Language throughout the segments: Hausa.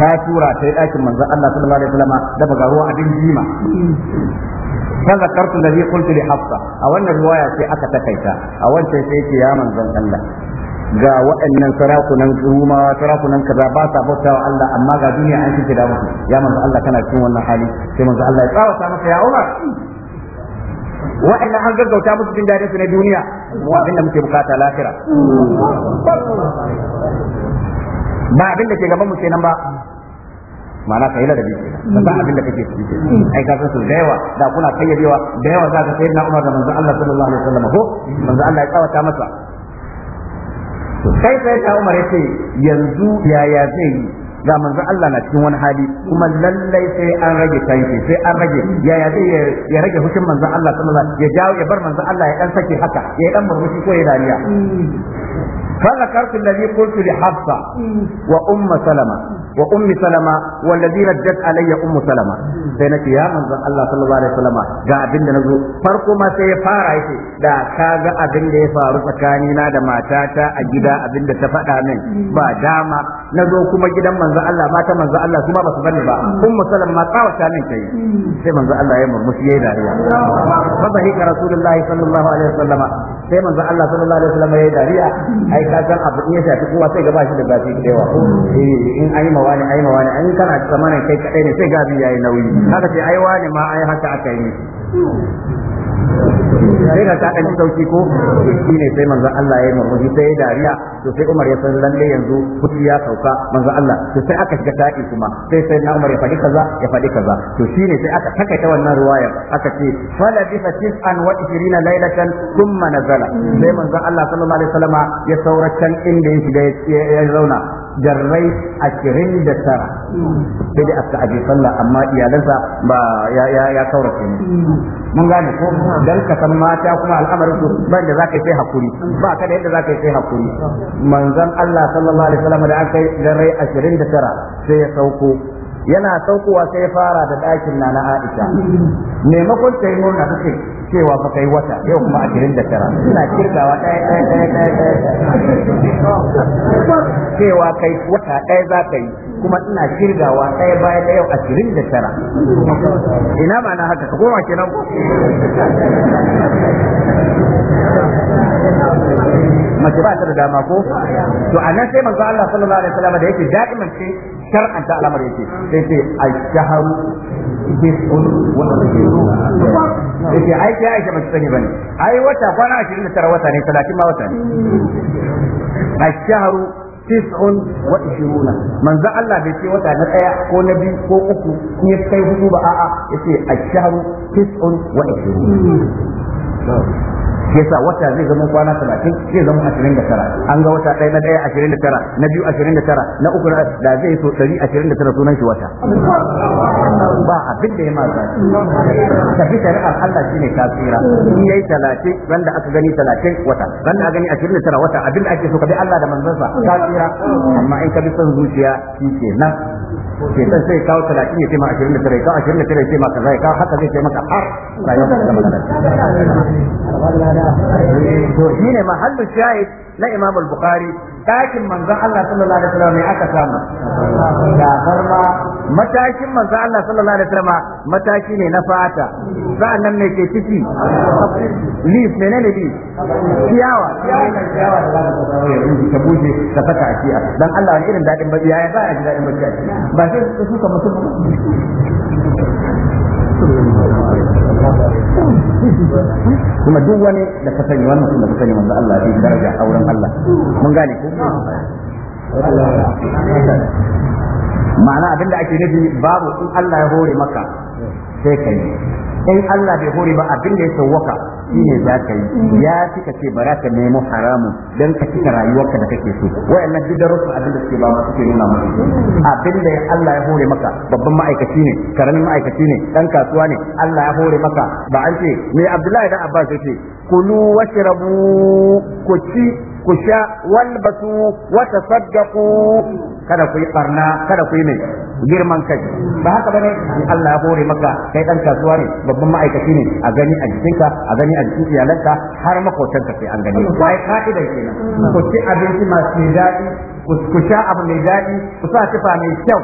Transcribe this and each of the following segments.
ta tura ta yi ɗakin manzon Allah sallallahu alaihi wasallam da baga ruwa abin jima fa zakartu alladhi qultu li hafsa a wannan riwaya sai aka takaita a wancan sai ce ya manzan Allah ga waɗannan sarakunan rumawa sarakunan kaza ba sa wa Allah amma ga duniya an kike da musu ya manzo Allah kana cikin wannan hali sai manzo Allah ya tsawata maka ya Umar waɗannan an gaggauta musu jin dadin su na duniya mu abinda muke bukata lafira ba abin da ke gaban mu kenan ba ma'ana kai da bi kenan ba abin da kake ciki ai ka san da yawa da kuna kayyadewa da yawa za ka na Umar da manzo Allah sallallahu alaihi wasallam ko manzo Allah ya tsawata masa sai sai ta Umar yace yanzu yaya zai yi ga manzo Allah na cikin wani hali kuma lallai sai an rage tanki sai an rage ya zai ya rage hushin manzo Allah sallallahu alaihi ya jawo ya bar manzo Allah ya dan sake haka ya dan murmushi ko ya dariya فذكرت mm. الذي Hafsa wa Umma Salama. wa ummi salama wallazi raddat alayya ummu salama sai nake ya manzon Allah sallallahu alaihi wasallam ga abin da nazo farko ma sai ya fara yake da kaga abin da ya faru tsakanina da matata a gida abin da ta faɗa min ba dama nazo kuma gidan manzon Allah mata manzon Allah kuma ba su bani ba ummu salama ma tsawata min kai sai manzon Allah ya murmushi yayi dariya fa bahika rasulullahi sallallahu alaihi wasallam sai manzon Allah sallallahu alaihi wasallam yayi dariya ai kaga abin ya shafi kowa sai gaba shi da gafi da yawa eh, in an ma wani ai ma wani ai kana tsammanin kai kadai ne sai gabi yayi nauyi haka sai ai wani ma ai haka aka yi sai ga kaɗan sauki ko shi ne sai manzo Allah ya yi murmushi sai ya dariya to sai Umar ya san lalle yanzu kuɗi ya sauka manzo Allah to sai aka shiga taki kuma sai sai na Umar ya faɗi kaza ya faɗi kaza to shi ne sai aka takaita wannan ruwaya aka ce fala bi tis'an wa 20 laylatan thumma nazala sai manzo Allah sallallahu alaihi wasallama ya saurakan inda ya shiga ya zauna jarrai ashirin da tara sai dai aka aje sallah amma iyalansa ba ya ya ya ne mun gane ko dan ka san mata kuma al'amarin su ba da zaka yi sai hakuri ba ka da yadda zaka yi sai hakuri manzon Allah sallallahu alaihi wasallam da aka yi jarrai ashirin da tara sai ya sauko yana saukowa sai ya fara da ɗakin na na Aisha maimakon ta yi nuna ta cewa fa kai wata yau kuma ashirin da tara suna kirgawa ɗaya ɗaya ɗaya ɗaya ɗaya cewa kai wata ɗaya za ka yi kuma ina kirgawa ɗaya bayan ɗaya yau ashirin da tara ina ma na haka ka koma kenan ko mace ba ta da dama ko to anan sai manzo Allah sallallahu alaihi wasallam da yake da'iman ce shar'an ta al'amari yake sai ce ash-shahru bisun wa yake ai ce Aisha ba ta sani bane ai wata kwana 29 wata ne 30 ma wata ne ashharu tis'un wa ishiruna manzo Allah bai ce wata na daya ko na biyu ko uku in ya kai hudu ba a'a yace ashharu tis'un wa ishiruna yasa wata zai zama kwana talatin zai zama ashirin da tara an ga wata ɗaya na ɗaya ashirin da tara na biyu ashirin da tara na uku da zai so ashirin da tara sunan shi wata ba abin da ya ma sa tafi shari'ar Allah shi ne ta tsira in yayi 30 da aka gani talatin wata da aka gani 29 wata abin da ake so ka bi Allah da manzansa tsira. amma in ka bi son zuciya shi kenan ke san sai kawo talatin ya ce ma 29 ya kawo tara ya ce ma kaza ya kawo haka zai ce maka har rayuwar da magana to ne mahallin shahid na Imam al-Bukhari dakin manzo Allah sallallahu alaihi wasallam ne aka samu da farma matakin manzo Allah sallallahu alaihi wasallam mataki ne na fata sa'annan ne ke ciki leaf ne bi ciyawa ciyawa da za ta zawo ya ta bushe ta saka a ciya dan Allah wani irin dadin ba a ji dadin suka kuma duk wani da ka sani wannan mutum da ka sani manzo Allah ya daraja auren Allah mun gane ko ma'ana abinda ake nufi babu in Allah ya hore maka sai ka yi. in Allah bai hore ba abin da ya sawwaka shine za ka yi ya kika ce bara ka nemo haramu dan ka cika rayuwarka da kake so wayannan duk darussa abin da suke ba ma suke nuna maka abin da Allah ya hore maka babban ma'aikaci ne karamin ma'aikaci ne dan kasuwa ne Allah ya hore maka ba an ce me Abdullahi dan Abbas yace kulu washrabu ku ci ku sha walbasu wa tasaddaqu kada ku yi barna kada ku yi mai girman kai ba haka bane Allah ya hore maka kai dan kasuwa ne babban ma'aikaci ne a gani a jikinka a gani a jikin iyalanka har makotanka sai an gani bai ka'idar kenan ku ci abinci masu daɗi ku sha abu mai daɗi ku sa tufa mai kyau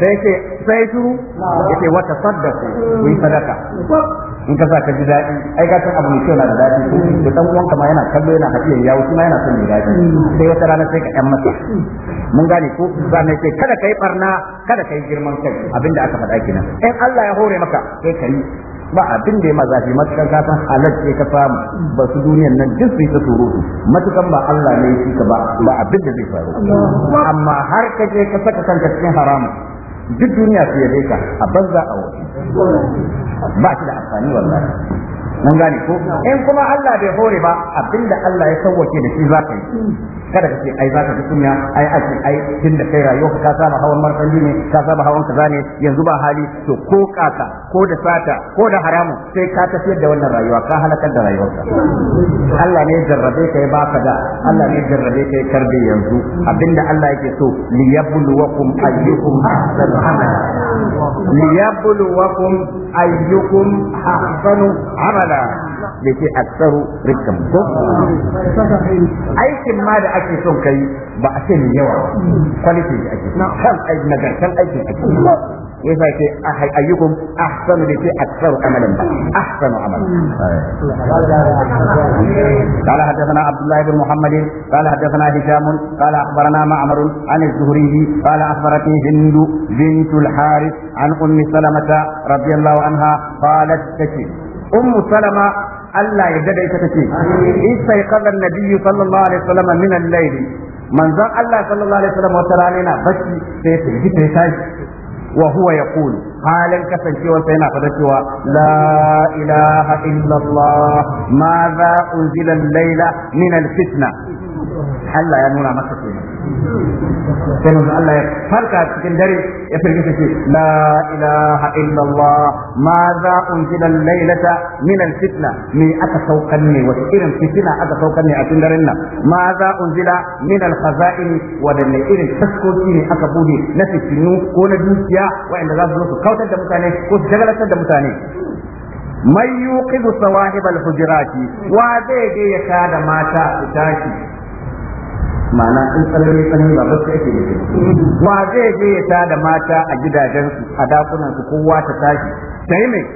sai ke sai su yace wata saddaku ku yi sadaka in ka sa ka ji daɗi ai ka san abu mai kyau da daɗi to da dan uwan ka ma yana kallo yana hadiyan yawo shi yana son mai daɗi sai wata rana sai ka ɗan masa mun gane ko za ne ce kada kai barna kada kai girman kai abinda aka faɗa kenan in Allah ya hore maka sai ka yi ba abin da ya mazafi matukan ka san halar ce ka samu ba su duniyan nan duk sai ta su matukan ba Allah ne ya ka ba ba abin da zai faru amma har ka je ka saka kanka cikin haramun duk duniya su yabe ka a banza a waje ba shi da amfani wallahi mun gane ko in kuma Allah bai hore ba abinda Allah ya sauwake da shi za ka yi kada ka ce ai za ka fi kunya ai a ce ai tun da kai rayuwa ka saba hawan martani ne ka saba hawan kaza ne yanzu ba hali to ko kaka ko da sata ko da haramu sai ka tafiyar da wannan rayuwa ka halakar da rayuwarka Allah ne jarrabe ka ya baka da Allah ne jarrabe ka ya karbe yanzu abinda Allah yake so liyabluwakum ayyukum ahsanu amala liyabluwakum ayyukum ahsanu amala yake aksaru rikkan ko aikin ma da ake son kai ba a ce mai yawa kwalitin da ake kan aiki na garkan aikin ake yasa ce ayyukum ahsanu da ce aksaru amalan ba ahsanu amalan قال حدثنا عبد الله بن محمد قال حدثنا هشام قال اخبرنا معمر عن الزهري قال اخبرتني هند بنت الحارث عن ام سلمه رضي الله عنها قالت تكي ummu salama Allah ya dade ita take isai kadan nabiyyu sallallahu alaihi wasallam min al-layli manzon Allah sallallahu alaihi wasallam wata rana yana bacci sai ya fita ya tashi wa huwa yaqul halin kasancewar sai yana fada cewa la ilaha illallah ma za unzila al fitna Allah ya nuna masa kenan sai manzo Allah ya farka cikin dare ya firgita ce la ilaha illallah ma za unzila laylata min alfitna me aka saukan ne wasu irin fitina aka saukan ne a cikin daren nan ma za unzila min alkhaza'in wadanne irin taskoki ne aka bude na fitinu ko na dukiya wa'anda za su zo su kautar da mutane ko su jagalatar da mutane man yuqidu sawahib al-hujurati wa zai je ya kada mata su tashi ma'ana in tsanani tsanani ba bacci wa zai je ya ta da mata a gidajensu a dakunan su kowa ta tashi Sai yi mai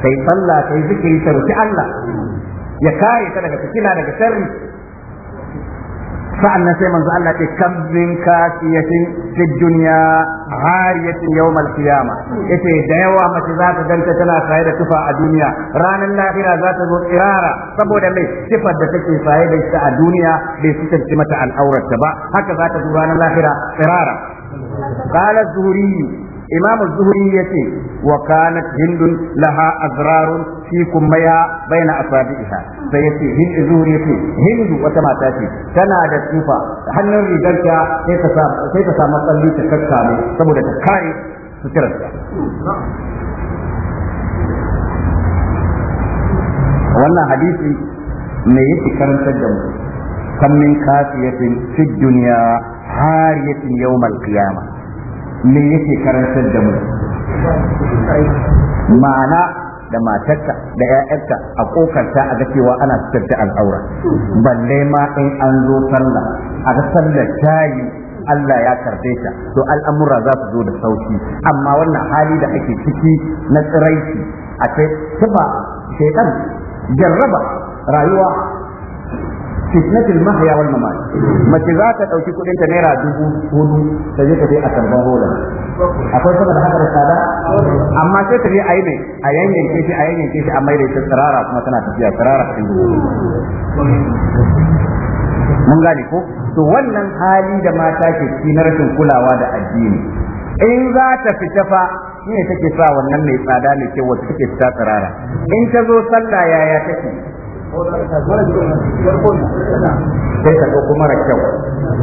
kai sallah sai zikiri ta Allah ya kare ta daga fitina daga sharri sa'annan sai manzo Allah ce kam min kasiyatin fi dunya hariyatin yawmal qiyama yace da yawa mace za ta ganta tana saye da tufa a duniya ranar lahira za ta zo tsirara saboda mai sifar da take saye da ita a duniya bai fitar mata al'aurarta ba haka za ta zo ranar lahira tsirara قال الزهري إمام الزهري وكانت هند لها أزرار في كميا بين أصابعها فيتي هند الزهري هند وتما تاتي كان هذا السوفا هن الرجال كيف سامت اللي تكتامي سمودة كاري سترسل wannan hadisi mai yake karantar da mu kan min kafiyatin fi dunya Min yake karantar da mu ma'ana da matarka da 'ya'yarka a kokarta a ga cewa ana fitar da al'aura balle ma in an zo sallah a ga sallar Allah ya karbe ta to al'amura za su zo da sauki amma wannan hali da ake ciki na tsiraici a ce tufa shedan jarraba rayuwa fitnatul mahya wal mamat mace za ta dauki kudin ta naira dubu hudu ta je ta je a karban hola akwai kuma da haka da tsada amma sai ta je a yi mai a yanyanke shi a yanyanke shi a mai da ita tsirara kuma tana tafiya tsirara cikin mun gane ko to wannan hali da mata ke ciki na rashin kulawa da addini in za ta fita fa ne take sa wannan mai tsada mai kyau wacce take fita tsirara in ta zo sallah yaya take sai ka ɗauko mara kyau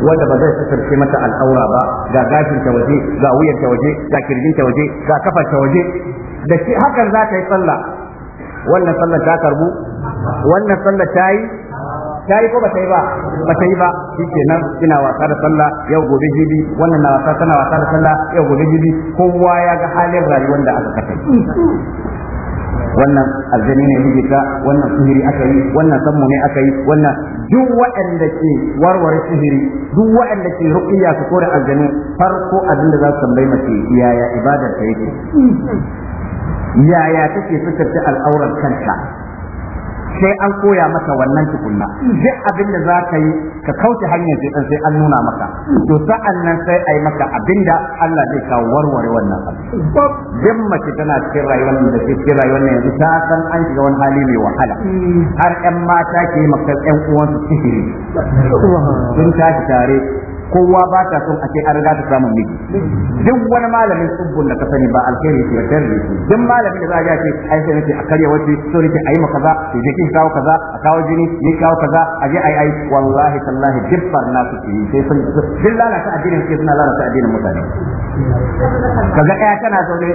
wanda ba zai kasance mata al'aura ba ga gafin ta waje ga wuyar ta waje ga kirgin ta waje ga kafar ta waje da shi hakan za ka yi sallah wannan sallah ta karbu wannan sallah ta yi ta yi ko ba ta yi ba ba ta yi ba shike nan ina wasa da sallah yau gobe jibi wannan na wasa tana wasa da sallah yau gobe jibi kowa ya ga halin rayuwar da aka kasance wannan aljani ne mijita wannan sihiri aka yi wannan sammu ne aka yi wannan duk waɗanda ke warware sihiri duk waɗanda ke ruqiyya su kore aljanu farko abin da za su tambayi mace yaya ibadar ta yake yaya take fitar da al'aurar kanta sai an koya maka wannan tukunna duk abin da za ka yi ka kauce hanyar shaitan sai an nuna maka to sa'an nan sai yi maka abin da Allah zai kawo warware wannan abin mace tana cikin rayuwar da cikin rayuwar nan yanzu ta san an shiga wani hali mai wahala har 'yan mata ke maka 'yan uwansu sihiri sun tashi tare kowa ba ta son a ce an riga ta samun miji duk wani malamin tsubbun da ka sani ba alheri ke yardar ne duk malamin da za a ga ce ai sai nake a karya wace so nake a yi ma kaza to je kin kawo kaza a kawo jini ni kawo kaza a je ai ai wallahi tallahi duk barna su ke sai sun duk lalata addinin ke suna lalata addinin mutane kaga ɗaya tana zaune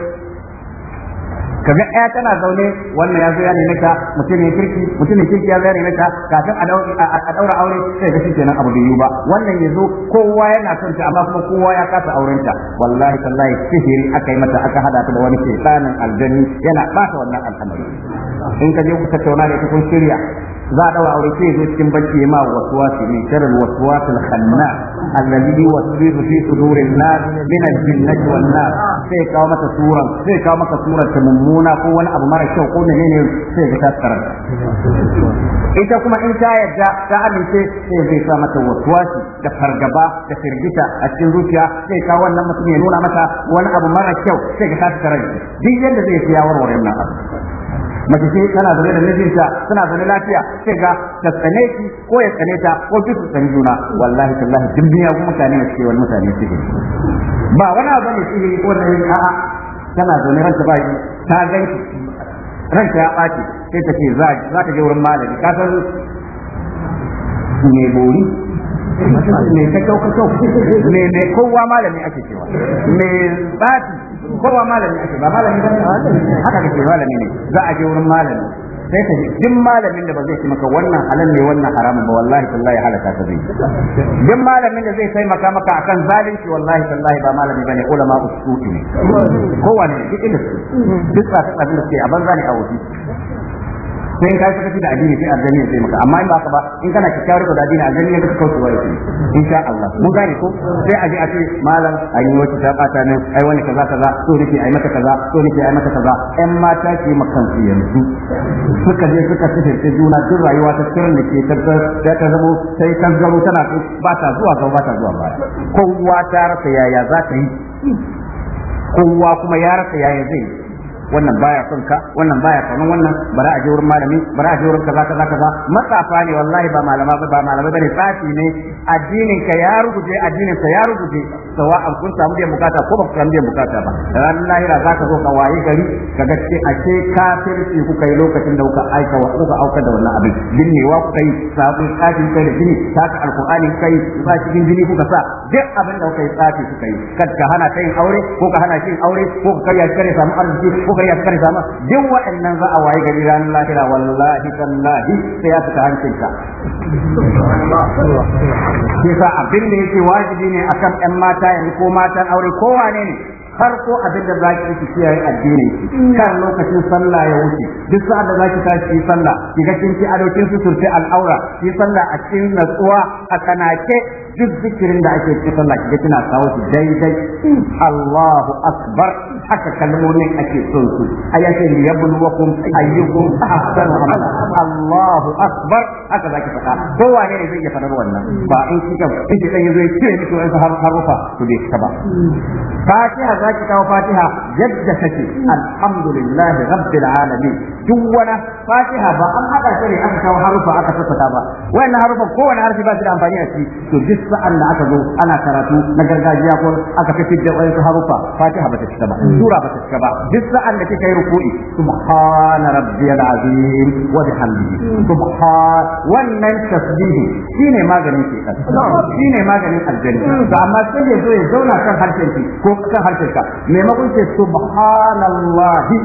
Ka ga ɗaya tana zaune wannan ya zo ya nemi ta mutumin kirki kirki ya zo ya nemi ta kafin a daura aure sai ga shikenan abu bai ba wannan ya zo kowa yana son ta amma kuma kowa ya kasa auren ta wallahi tallahi sihiri aka yi mata aka hada ta da wani shaytanin aljanu yana bata wannan al'amari in ka je ku tattauna da ita kun shirya za a daura aure sai ya zo cikin bacci ya ma waswasi min sharri waswasil khannas الذي يوسوس في صدور الناس من الجنة والناس sai kawo mata suran sai kawo maka surar ta mummuna ko wani abu mara kyau ko menene sai ga taskara ita kuma in ta yadda ta amince sai zai sa mata waswasi da fargaba da firgita a cikin zuciya sai kawo wannan mutum ya nuna mata wani abu mara kyau sai ga taskara duk yadda zai fi yawar wannan abu mace shi tana zaune da mijinta tana zaune lafiya sai ga ta tsane shi ko ya tsane ta ko duk su tsani juna wallahi tallahi duk duniya kuma mutane ne suke wani mutane suke ba wani abu ne suke ko da a'a tana zaune ranta ba shi ta ganki ranta ya ɓaci sai ta ce za ta je wurin malami ka san me bori me kakau kakau me kowa malami ake cewa me bati. ko ba malami ake ba malami ba haka kake malami ne za a je wurin malami sai ka duk malamin da ba zai maka wannan halal ne wannan haramun ba wallahi tallahi halaka ka zai duk malamin da zai taimaka maka akan zalunci wallahi tallahi ba malami bane ulama usuki ne kowane duk inda duk tsaka tsaka da ke a banza ne a wuce sai in kai sakaci da addini sai aljani ya maka amma in ba ka ba in kana kikkiawar da addini aljani ya ka kauce wa yake insha Allah mun gane ko sai a je a ce malam a yi wata ta bata ne ai wani kaza kaza so nake ai maka kaza so nake ai maka kaza ɗan mata ke makan su yanzu suka je suka tafi juna duk rayuwa ta tsirin da ke tabbar da ta zamo sai kan zaro tana ba ta zuwa gaba ba ta zuwa baya kowa ta rasa yaya za ta yi kowa kuma ya rasa yaya zai wannan baya son ka wannan baya kaunan wannan bara a je wurin malami bara a je wurin kaza kaza kaza matsafa ne wallahi ba malama ba malama bane tsafi ne addinin ka ya ruguje addinin ka ya ruguje an kun samu biyan bukata ko ba ku samu biyan bukata ba ran lahira zaka zo ka waye gari ka ga ce ake kafirci kuka yi lokacin da kuka aika wa kuka auka da wannan abin wa kuka yi sabon tsafin kai da jini taka alqur'ani kai ba cikin jini kuka sa duk abin da kuka yi tsafi kuka yi kada ka hana kai aure ko ka hana shi aure ko ka karya kare samu arziki ko biyayya ka karisa ma duk waɗannan za a waye gari ranar lahira wallahi tallahi sai ya fita hancin ka yasa abin da yake wajibi ne a kan ƴan mata yanzu ko matan aure ko wane ne har ko abin da ki yi kiyaye addinin, addini kan lokacin sallah ya wuce duk sa'ad da za ki tashi yi sallah ki ga kin ci ado kin suturce al'aura yi sallah a cikin natsuwa a kanake duk zikirin da ake cikin sallah kiga kina kawo su daidai Allahu akbar haka kalmomin ake son su ayyace yabluwakum ayyukum ahsanu amala Allahu akbar haka zaki faɗa ko wane ne zai iya faɗar wannan ba in kika kike dan yazo ya cire miki wani har harufa to bai ka ba Fatiha zaki kawo Fatiha yadda take Alhamdulillahi rabbil alamin duk wani Fatiha ba an hada shi ne aka kawo harufa aka sassaka ba wannan harufa kowane harfi ba shi da amfani a shi. to duk duk sa'an da aka zo ana karatu na gargajiya ko aka fi da wani harufa fatiha bata cika ba sura bata cika ba duk sa'an da kika yi ruku'i subhana rabbiyal azim wa bihamdihi subhan wannan tasbihi shine maganin ke kan shine maganin aljanna to amma sai ya zo ya zauna kan harshen ki ko kan harshen ka maimakon ce subhanallahi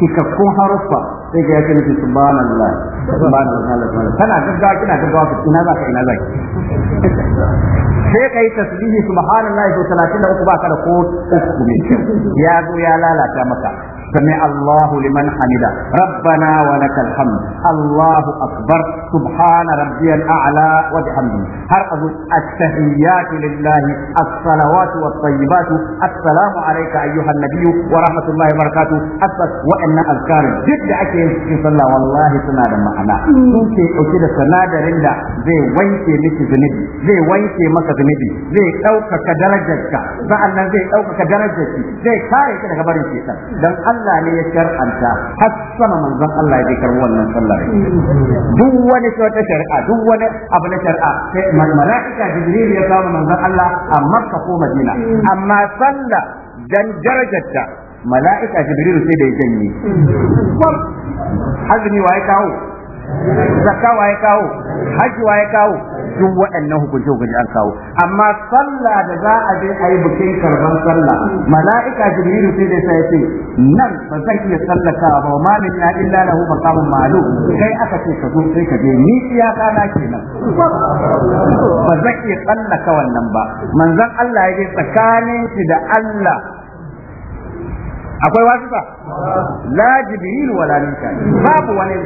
cikakkun haruffa sai ka yake nufi subhanallah subhanallah kana gaggawa kina gaggawa ina zaka ina ka sai tasbihi subhanallah to 33 ba ka da ko uku ya zo ya lalata maka سمع الله لمن حمده ربنا ولك الحمد الله أكبر سبحان ربي الأعلى وبحمده هر التحيات لله الصلوات والطيبات السلام عليك أيها النبي ورحمة الله وبركاته أسس وإن أذكار جد أكيد في صلى والله سنة معنا كنتي أكيد سنة رندا زي وينتي لك ذنبي زي وينتي مك ذنبي زي أوكك درجتك فأنا زي أوكك درجتك زي كاري كده خبرين شيطان Allah ne ya shar'anta har sama manzon Allah ya karbi wannan sallar duk wani wata shari'a duk wani abu na shari'a sai mala'ika jibril ya samu manzon Allah a Makka ko Madina amma sallah dan darajarta mala'ika jibril sai da ya janye wa ya kawo zakka ya kawo haji ya kawo duk waɗannan hukunci hukunci an kawo amma sallah da za a je a yi bikin karban sallah mala'ika jibrilu sai dai sai ce nan ba zan iya sallaka ba ma min na illa lahu maqamun ma'lum kai aka ce ka zo sai ka je ni iyaka na kenan ba zan iya tsallaka wannan ba manzon Allah ya je tsakanin shi da Allah akwai wasifa la jibril wala mikail babu wani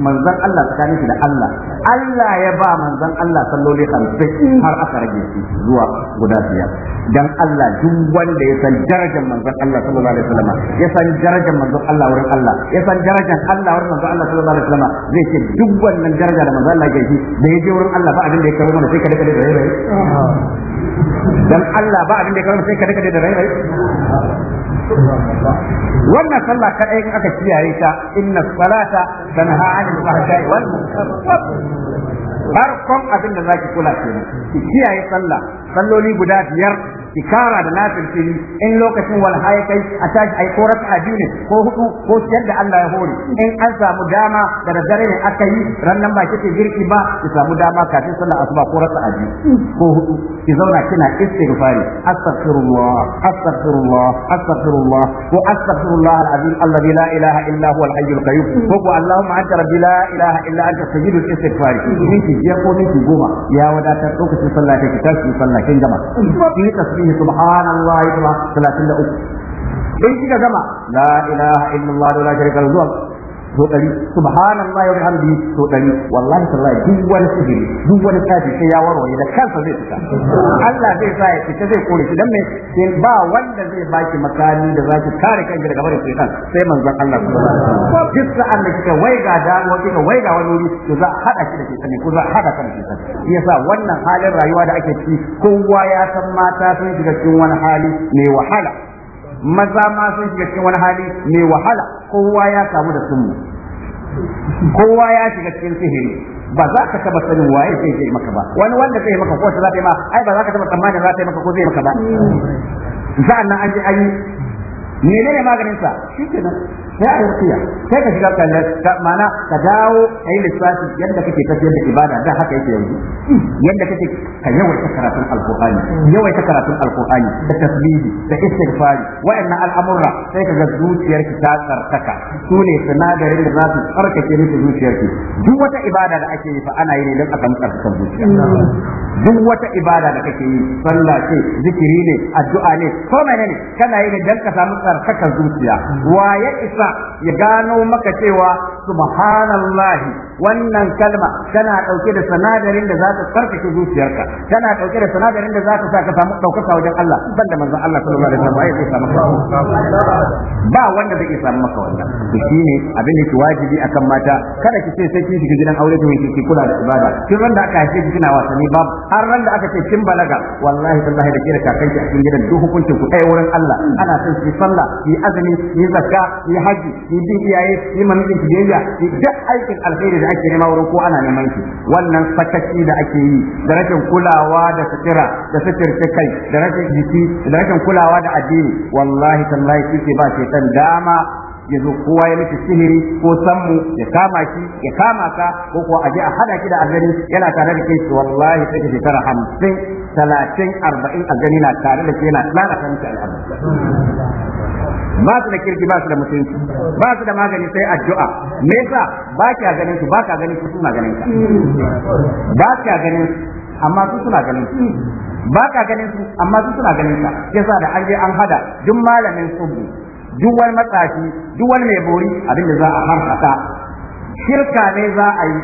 manzon Allah tsakanin shi da Allah Allah ya ba manzon Allah salloli 50 har aka rage shi zuwa guda biyar dan Allah duk wanda ya san darajar manzon Allah sallallahu alaihi wasallam ya san darajar manzon Allah wurin Allah ya san darajar Allah wurin manzon Allah sallallahu alaihi wasallam zai ce duk wannan daraja da manzon Allah ya yi da yaje wurin Allah ba abin da ya karo mana sai kada kada da rai dan Allah ba abin da ya karo sai kada kada da rai wannan sallah kadai in aka kiyaye ta inna salata tanha 'anil fahsha'i wal munkar barkon abin da zaki kula kenan kiyaye sallah salloli guda biyar ki kara da nafil fili in lokacin walhaya kai a tashi ai ko raka biyu ne ko hudu ko da Allah ya hore in an samu dama da dare ne aka yi rannan ba kike girki ba ki samu dama kafin sallar asuba ko raka biyu ko hudu ki zauna kina istighfari astaghfirullah astaghfirullah astaghfirullah ko astaghfirullah alazim alladhi la ilaha illa huwa alhayyul qayyum ko allahumma anta rabbi la ilaha illa anta sayyidul istighfari minti biyar ko minti goma ya wadatar lokacin sallah take tashi sallah kin gama ki فيه سبحان الله 33 in kika gama la ilaha illallah la sharika lahu so dari subhanallahi wa bihamdihi so dari wallahi tallahi duk wani sihiri duk wani tsafi sai ya warware da kansa zai fita Allah zai sa ya fita zai kore shi dan in ba wanda zai baki makami da zaki kare kanki daga barin shaytan sai manzon Allah sallallahu alaihi wasallam duk da kika wai ga wani wuri to za hada shi da shaytan ko za hada kan shaytan yasa wannan halin rayuwa da ake ciki kowa ya san mata sun shiga cikin wani hali mai wahala maza ma sun shiga cikin wani hali mai wahala kowa ya samu da sunmu kowa ya shiga cikin sihiri ba za ka taba sanin waye zai yi maka ba wani wanda zai yi maka ko za ta yi ma ai ba za ka taba tsammani za ta yi maka ko zai yi maka ba mm. sa'an nan an je an yi menene maganin sa shi kenan sai a rukiya sai ka shiga kallon mana ka dawo yi lissafi yadda kake tafiyar da ibada da haka yake yanzu yadda kake ka yawaita karatun alqur'ani yawaita karatun alqur'ani da tasbihi da istighfari wa'annan al'amura sai ka ga zuciyarki ta tsarkaka su ne sinadarin da za su tsarkake miki zuciyarki duk wata ibada da ake yi fa ana yi ne don a samu tsarkakan zuciya duk wata ibada da kake yi sallah ce zikiri ne addu'a ne ko menene kana yi ne don ka samu tsarkakan zuciya wa ya isa ya gano maka cewa subhanallahi wannan kalma tana ɗauke da sanadarin da zaka farkace zuciyarka tana ɗauke da sanadarin da zaka sa ka samu daukaka wajen Allah banda manzon Allah sallallahu alaihi wasallam ya samu ba wanda zai samu maka wannan to shine abin da ke wajibi akan mata kada ki ce sai kin shiga gidan aure to ki kula da ibada kin randa aka haife ki kina wasanni babu har randa da aka ce kin balaga wallahi tallahi da kira kakanki a cikin gidan duk hukuncin ku ɗaya wurin Allah ana son ki sallah ki azumi ki zakka ki haji ki bi iyaye ki mamijin ki biyayya ki duk aikin alheri da ake nema wurin ko ana neman shi wannan sakaci da ake yi da rashin kulawa da sutura da suturta kai da rashin jiki da rashin kulawa da addini wallahi tallahi kike ba shaitan dama ya zo kowa ya miki sihiri ko sammu ya kama ki ya kama ka ko ko aje a hada ki da aljani yana tare da kai wallahi sai shekara hamsin talatin arba'in aljani na tare da ke yana lalata miki al'amari ba su da kirki ba su da mutunci ba su da magani sai addu'a me yasa ba kya ganin su ba ka ganin su suna ganin ka ba kya ganin amma su suna ganin su ba ka ganin su amma su suna ganin ka yasa da an je an hada duk malamin subu duk wani matsafi duk wani mai bori abin da za a harkata shirka ne za a yi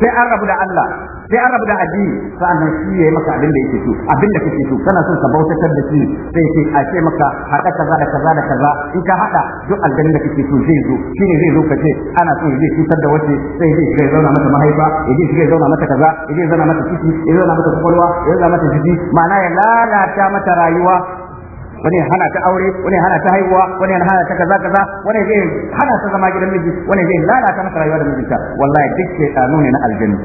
sai an rabu da Allah sai an rabu da addini sa'annan shi yi maka abin da yake so abin da kake so kana son ka bautatar da shi sai ce a ce maka haɗa kaza da kaza da kaza in ka haɗa duk aljanna da kake so zai zo shine zai zo ka ce ana so zai cutar da wace sai zai shiga zauna mata mahaifa zai shiga zauna mata kaza yaje zauna mata ciki ya zauna mata kwakwalwa ya zauna mata jiki ma'ana ya lalata mata rayuwa wani hana ta aure wani hana ta haihuwa wani hana ta kaza kaza wani zai hana ta zama gidan miji wani zai lalata masa rayuwa da mijinta wallahi duk shaytanu ne na aljanna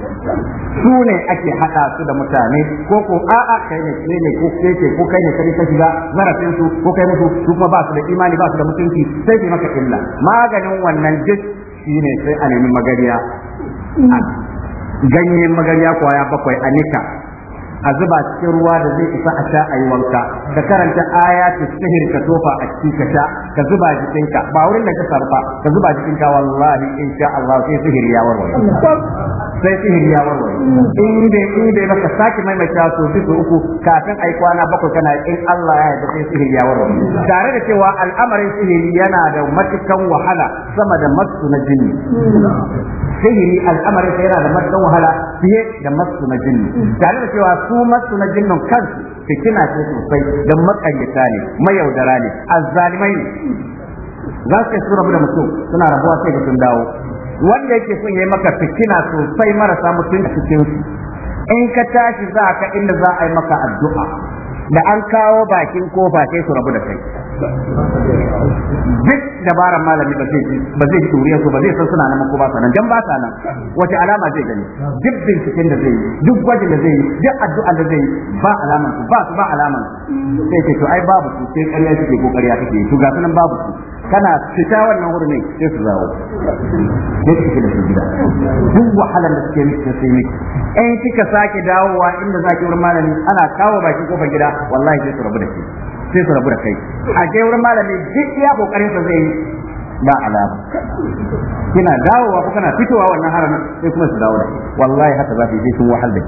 su ne ake hada su da mutane ko ko a'a kai ne kai ne ko kai ne ko kai ne kai ka shiga zarafin su ko kai musu su kuma ba su da imani ba su da mutunci sai su maka illa maganin wannan duk shine sai a nemi magariya mm. ganyen magariya kwaya bakwai a nika a zuba cikin ruwa da zai isa a sha a yi wanka ka karanta aya ta sihir ka tofa a ciki ka sha ka zuba jikinka ba wurin da ka sarfa ka zuba jikinka wallahi insha Allah sai sihir ya warware sai sihir ya warware in dai in dai mai mai maimaita so bisu uku kafin ai kwana bakwai kana in Allah ya yarda sai sihir ya warware tare da cewa al'amarin sihiri yana da matukan wahala sama da masu na jini sihiri al'amarin yana da matukan wahala fiye da masu na jinni tare da cewa su masu na jinnin kansu fitina ce sosai don makaryata ne yaudara ne azzalimai ne za su yi rabu da mutum suna rabuwa sai da sun dawo wanda yake son yi maka fitina sosai marasa mutunci cikin su in ka tashi za ka inda za a yi maka addu'a da an kawo bakin kofa sai su rabu da kai duk dabaran malami ba zai ba zai turiya su ba zai san suna nan ko ba sanan dan ba sa nan wace alama zai gani duk binciken da zai yi duk gwajin da zai yi duk addu'a da zai yi ba alaman ba su ba alaman sai ke to ai babu su sai ƙarya suke ko ƙarya take to ga sanan babu su kana fita wannan wurin ne sai su zawo sai cikin da su gida duk wahalar da suke miki sai miki in kika sake dawowa inda zaki wurin malami ana kawo baki kofar gida wallahi sai su rabu da ke sai su rabu da kai a je wurin malami duk iya kokarin sa zai ba alama kina dawowa ko kana fitowa wannan haramin sai kuma su dawo da wallahi haka za ki je sun wahal da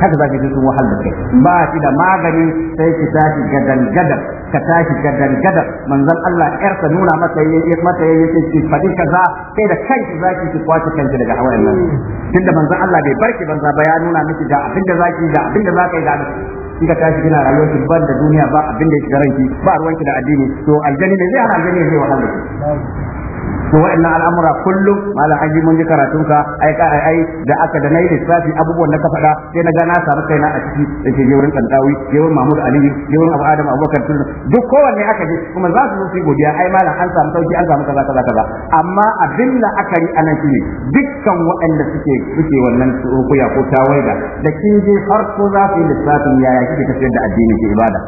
haka za ki je sun wahal da kai ba ki da magani sai ki tashi gadan gadan ka tashi gadan gadan manzon Allah yarsa nuna masa yayi masa yayi sai ki fadi kaza sai da kanki za ki kwace kanki daga hawayen nan tunda manzon Allah bai barki banza ba ya nuna miki da abinda zaki da da abinda zakai da ka tashi kina rayuwar ki ban da duniya ba abin da yake da ba ruwanki da addini to aljani ne zai hana aljani zai wahala to wa'annan al'amura kullum malam aji ji mun ji karatun ka ai ai da aka da nayi lissafi abubuwan da ka faɗa sai na ga na samu kaina a ciki da ke wurin kantawi je Mahmud Ali je Abu Adam Abubakar tun duk kowanne aka ji kuma za su yi godiya ai malam an samu sauki an samu kaza kaza kaza amma abin da aka yi anan shine dukkan waɗanda suke suke wannan rukuya ko tawaida da kin je ko za su yi lissafin yaya kike tafiyar da addini ke ibada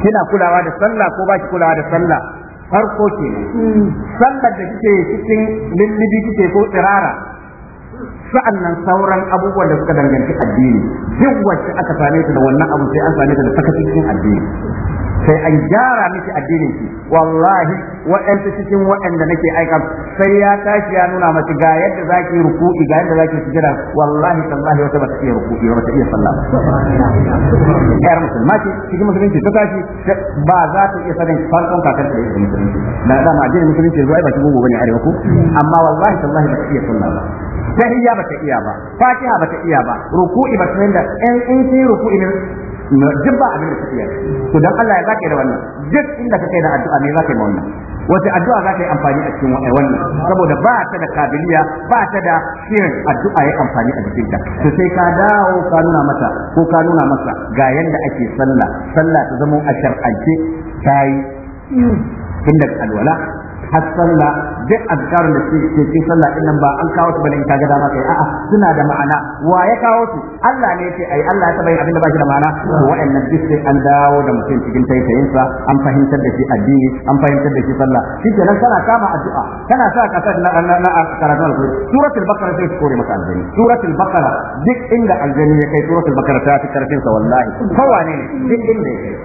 kina kulawa da sallah ko ba ki kulawa da sallah farko ke hmm. sallar da kike cikin lullubi kike ko tsirara nan sauran abubuwan da suka danganci addini duk wacce aka same ta da wannan abu sai an same ta da sakaci addini sai an gyara miki addinin ki wallahi wa'anta cikin wa'anda nake aika sai ya tashi ya nuna mace, ga yadda za ki ruku'i ga yadda za ki sujada wallahi sallahi wata ta iya ruku'i wata iya sallah yar musulma ce cikin musulunci ta tashi ba za ta iya sanin farkon kakar ta da musulunci na da ma addinin musulunci zuwa ba ki gugu bane arewa amma wallahi iya sallah ba sai ya ta iya ba fatiha bata iya ba ruku'i ba ta da in in sai ruku'i ne duk ba abin da ta to dan Allah ya zaka da wannan duk inda ka da addu'a ne zaka yi wannan wace addu'a za yi amfani a cikin eh, wannan saboda ba ta da kabiliya ba ta da shirin addu'a ya amfani a jikinta to sai ka dawo ka nuna mata ko ka nuna masa ga yanda ake sallah sallah ta zama a shar'ance ta yi tun daga alwala har sallah duk azkarun da ke cikin sallah din nan ba an kawo su bane in kaga dama kai a'a suna da ma'ana wa ya kawo su Allah ne yake ai Allah ya taba yin abin da ba shi da ma'ana wa'annan duk sai an dawo da mutum cikin taitayin sa an fahimtar da shi addini an fahimtar da shi sallah nan kana kama addu'a kana sa ka na na na karatu alƙur'ani suratul baqara sai su kore maka aljani suratul baqara duk inda aljani ya kai suratul baqara ta fi karfin sa wallahi kowa ne duk inda ya kai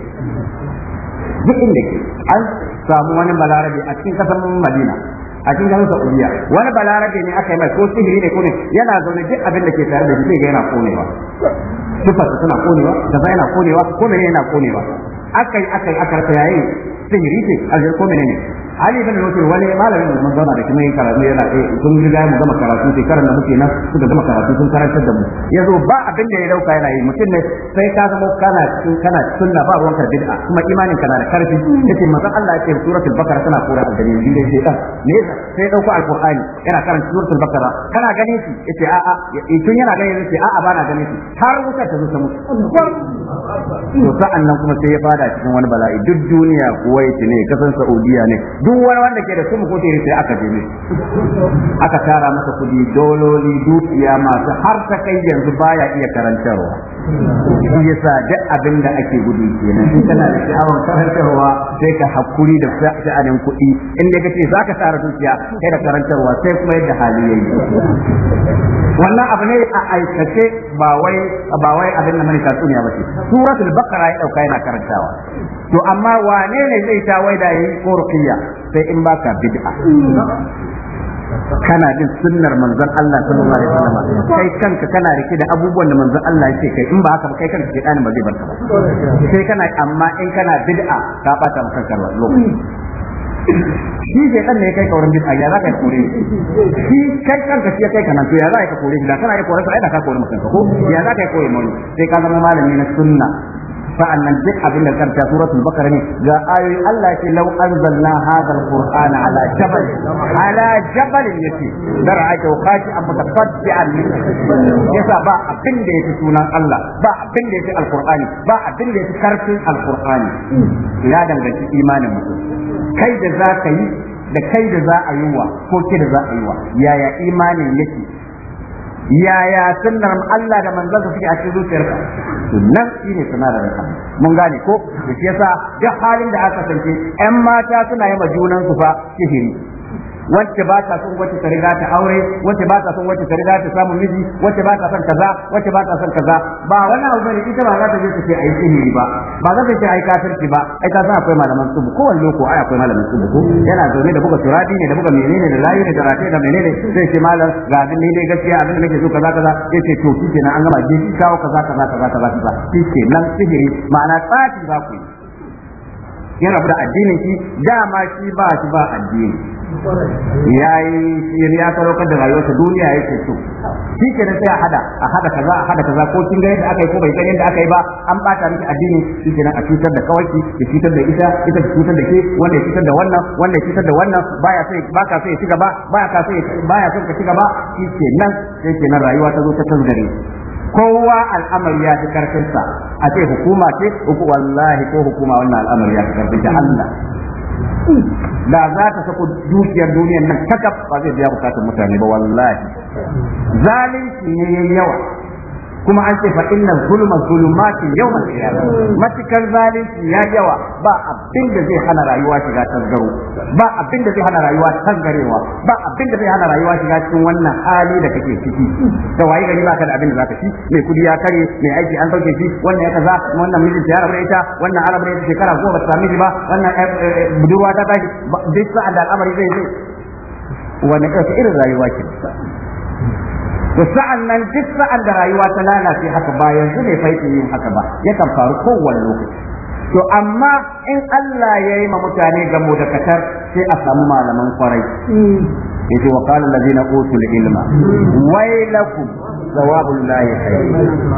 duk inda ke an samu wani balarabe a cikin kasar Madina a cikin kasar Saudiya wani balarabe ne aka yi mai ko sihiri ne ko ne yana zaune duk abin da ke tare da shi ga yana konewa tufa suna konewa yana konewa ko ne yana konewa akai akai aka rasa yayi sihiri ce aljar ko ne. ali ibn rasul wani malamin da mun zauna da kuma yin karatu yana eh sun riga mu gama karatu sai karan da muke nan suka gama karatu sun karantar da mu yazo ba abin da ya dauka yana yi mutum ne sai ka zama kana cikin kana sunna ba ruwan bid'a kuma imanin kana da karfi yace maza Allah yake suratul bakara tana kura aljanna din da shaytan ne sai dauko alqur'ani yana karanta suratul bakara kana ganin shi yace a a eh, tun yana ganin yace a a bana ganin shi har wutar ta zo ta mutu to sa'an nan kuma sai ya fara fada cikin wani bala'i duk duniya yake ne kasan saudiya ne duk wani wanda ke da su kuma ko sai aka je aka tara masa kudi dololi dukiya masu har ta kai yanzu baya iya karantarwa shi yasa duk abin da ake gudu kenan in kana da sha'awar karantarwa sai ka hakuri da sha'anin kuɗi in da kace zaka tara dukiya kai da karantarwa sai kuma yadda hali yayi wannan abu ne a aikace ba wai ba wai abin da manita tatsuniya ba ce suratul baqara ya dauka yana karantawa to amma wane ne zai ta da yayi ko ruqiyya sai in baka bid'a kana jin sunnar manzon Allah sallallahu alaihi wasallam kai kanka kana rike da abubuwan da manzon Allah yake kai in ba haka ba kai kanka shedani ba zai barka ba sai kana amma in kana bid'a ka bata maka karwa lokaci shi ke dan ne kai kauran bid'a ya za ka kore shi kai kanka shi kai kana to ya za ka kore shi da kana ya kore sai da ka kore mutum ko ya za ka kore mu sai ka zama malami na sunna sa'annan duk abin da karanta suratul bakara ne ga ayoyi Allah ce law anzalna hadha alqur'ana ala jabal ala jabal yace dara'aka wa khashi am mutaqaddi'an yasa ba abin da yake sunan Allah ba abin da yake alqur'ani ba abin da yake karfin alqur'ani ya danganci imanin mutum kai da za ka yi da kai da za a yi wa ko ke da za a yi wa yaya imanin yake yaya sunnar Allah da manzansa suke a cikin zuciyarka sunnan shine sunarar ka mun gane ko da shi yasa duk halin da aka sanke ƴan mata suna yi ma junan su fa sihiri wacce ba ta son wacce ta riga ta aure wacce ba ta son wacce ta riga ta samu miji wacce ba ta son kaza wacce ba ta son kaza ba wani abu bane ita ba za ta je ta ce ai sihiri ba ba za ta ce ai kafirci ba ai ta san akwai malaman ko wani loko ai akwai malaman su ko yana zaune da buga turabi ne da buga menene da layu ne da rafe da menene sai ce malam ga abin ne dai gaskiya abin da nake so kaza kaza ce to kike na an gama je ki kawo kaza kaza kaza kaza kaza kike nan sihiri ma'ana tsafi za ku yi yana da addinin ki, dama shi ba shi ba addini Yayi yi ya kan da rayuwarsa duniya ya so shi ke sai a hada a hada kaza a hada kaza ko kin ga yadda aka yi ko bai ga yadda aka yi ba an bata miki addini shi ke a cutar da kawai ya cutar da ita ita ta cutar da ke wanda ya cutar da wannan wanda ya cutar da wannan baya sai ba ka sai ya ci gaba baya ka sai baya son ka ci gaba shi ke nan sai ke nan rayuwa ta zo ta tasgare kowa al'amari ya fi karfinsa a ce hukuma ce uku wallahi ko hukuma wannan al'amari ya fi ta Allah da za ka sako dukiyar duniyar nan kakaf ba zai biya bukatar mutane ba wallahi zalunci ne yayi yawa kuma an ce fa innal zulma zulumati yawm al-qiyamah matikar zalunci ya yawa ba abin da zai hana rayuwa shiga tasgaro ba abin da zai hana rayuwa tangarewa ba abin da zai hana rayuwa shiga cikin wannan hali da kake ciki da waye gari ka da abin da zaka ci mai kudi ya kare mai aiki an sauke shi wannan ya kaza wannan mijin ya rabu ita wannan arabu ne shekara goma ba ta miji ba wannan eh, eh, eh, budurwa ta tashi duk sa'an da al'amari zai zai wannan irin rayuwa ke ce To sa'an nan duk sa'an da rayuwa ta lalace haka ba yanzu ne faifi yin haka ba yakan faru kowane lokaci to amma in Allah ya yi ma mutane gamo da katar sai a samu malaman kwarai mm. yace wa qala allazina utul ilma wailakum zawabul lahi khair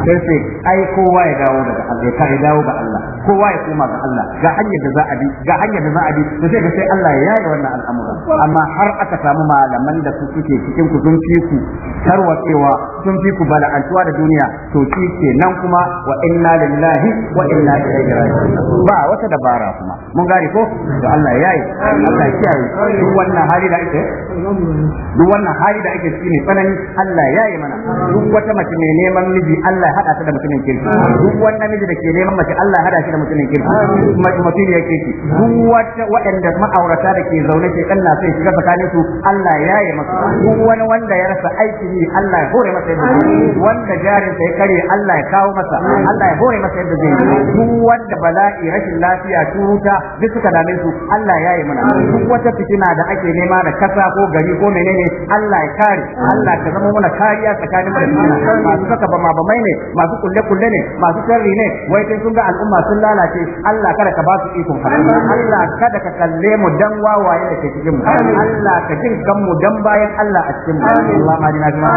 sai sai ai kowa ya dawo daga Allah ya kai dawo ga Allah kowa ya koma ga Allah ga hanyar da za a bi ga hanyar da za a bi to sai ga sai Allah ya yaye wannan al'amuran. amma har aka samu malaman da su suke cikin ku sun fi ku tarwatsewa sun fi ku bala'antuwa da duniya to shi nan kuma wa inna lillahi wa inna ilaihi raji'un ba wata dabara kuma mun gane ko to Allah yayi Allah kiyaye duk wannan hali da ake duk wannan hali da ake cikin tsanani Allah ya yayi mana duk wata mace mai neman miji Allah ya hada ta da mutumin kirki duk wani miji da ke neman mace Allah ya hada shi da mutumin kirki mutum ya kirki duk wata waɗanda ma'aurata da ke zaune ke kan na sai shiga tsakanin su Allah ya yi masa duk wani wanda ya rasa aiki ne Allah ya hore masa yadda zai wanda jarin sa ya kare Allah ya kawo masa Allah ya hore masa yadda zai duk wanda bala'i rashin lafiya turuta duk suka dame su Allah ya yi mana duk wata fitina da ake nema da kasa ko gari ko menene Allah ya kare Allah ka zama mana kariya tsakanin mu masu saka ba mabamai ne masu kulle kulle ne masu sharri ne wai sai sun ga al'umma sun lalace Allah kada ka ba su ikon Allah kada ka kalle mu dan wawaye da ke cikin mu Allah ka jin kan mu dan bayan Allah a cikin mu Allah ma dina kuma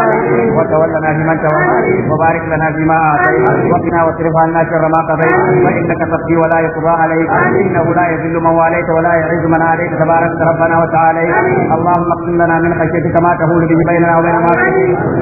wa tawallana fi man tawalla wa barik lana wa qina wa sharra ma fa innaka wa la yuqda alayka innahu la yadhillu man walayta wa la yu'izzu man tabarak rabbana wa ta'ala اللهم اقسم لنا من خشيتك ما به بيننا وبين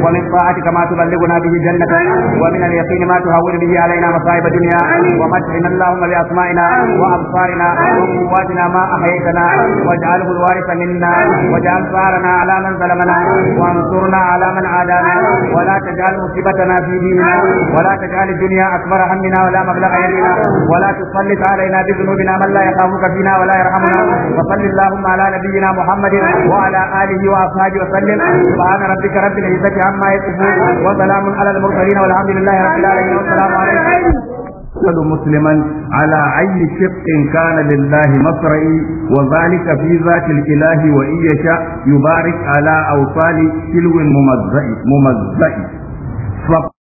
ومن طاعتك ما تبلغنا به جنتك ومن اليقين ما تهون به علينا مصائب الدنيا ومتعنا اللهم بأسمائنا وأبصارنا وقواتنا ما أحييتنا واجعله الوارث منا واجعل ثارنا على من ظلمنا وانصرنا على من عادانا ولا تجعل مصيبتنا في ديننا ولا تجعل الدنيا أكبر همنا ولا مبلغ يدينا ولا تسلط علينا بذنوبنا من لا يخافك فينا ولا يرحمنا وصل اللهم على نبينا محمد وعلى آله وأصحابه وسلم سبحان ربك رب العزة عما يصفون وسلام على المرسلين والحمد لله رب العالمين والسلام عليكم يشهد مسلما على أي شق كان لله مصرعي وذلك في ذات الإله وإن يشاء يبارك على أوصال سلو ممزق ممزق